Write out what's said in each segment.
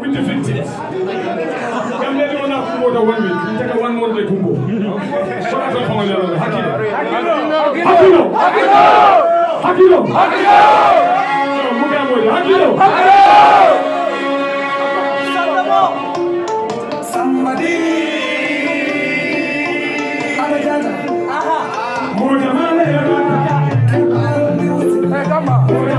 We take one more day kumbo. the other. Hakilo. Hakilo. Hakilo. Hakilo. Hakilo. Hakilo. Hakilo. Somebody. Hey, come on.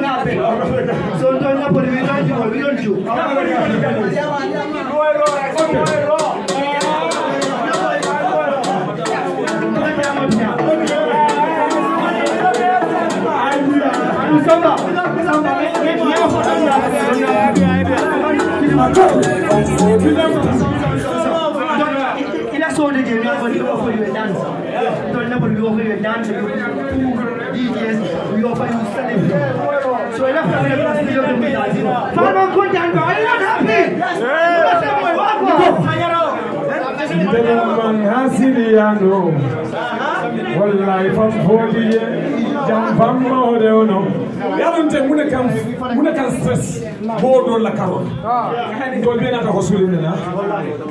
don't happen. So don't happen. So the day we offer you, offer you a dancer. Yeah. Thunderbolt, we offer you a dancer. We offer you DJs. We offer you celebrities. So enough of them to see them with us. Farmer, good dancer. Are you not happy? Yeah. Go. Hasiliano wallay fam hoodiye jam fammaode ono oh, yaɗonte mune kam mune kam stress boɗo lakarol ko mbiyanata ko sulinena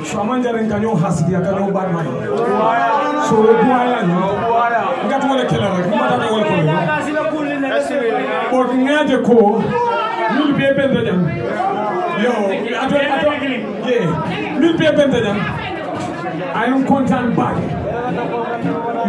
so aman jaren kaño hasdiya kaño batma so duwayaño ngat wona kelara mbatata wol ko ɓot ŋaaje ko mil be bende jam yo ato ato ye mil be bende jam ayon contant baake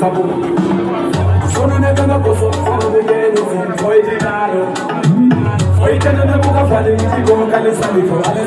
sabuonanekanakosoaeeoitenanebukafalenikikokalesalifoal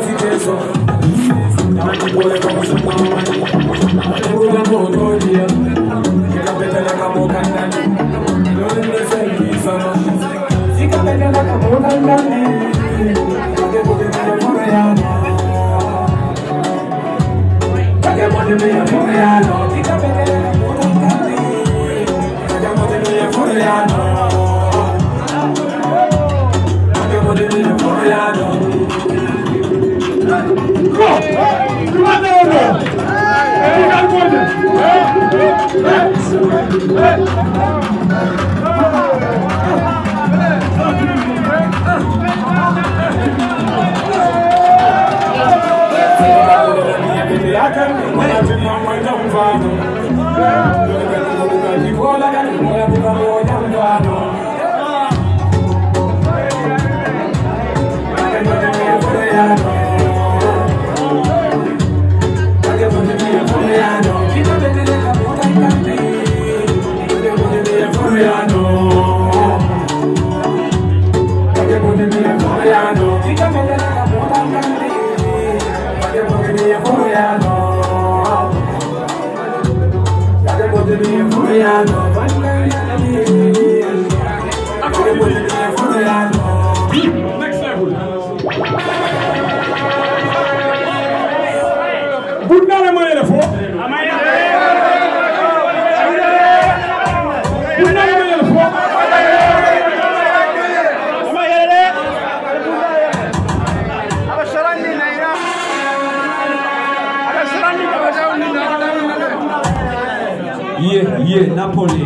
Yeah, yeah, Napoli.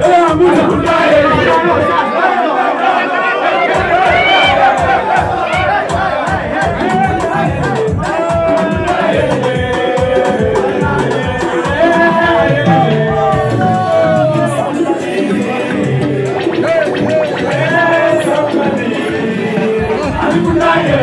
Yeah, united.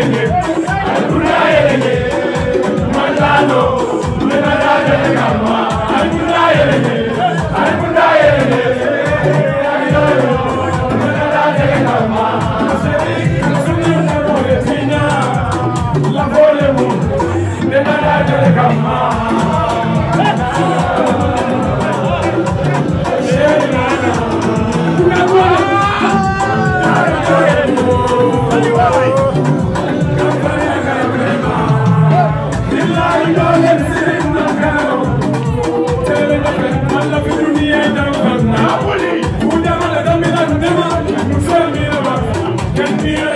Can be a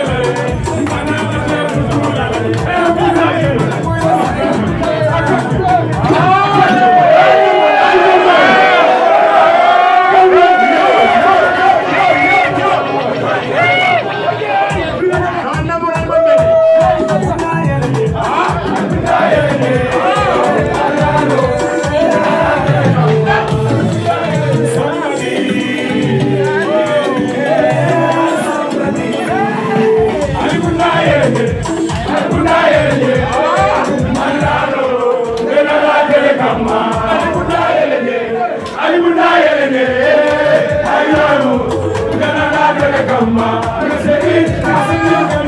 Rama. You say it, I say it.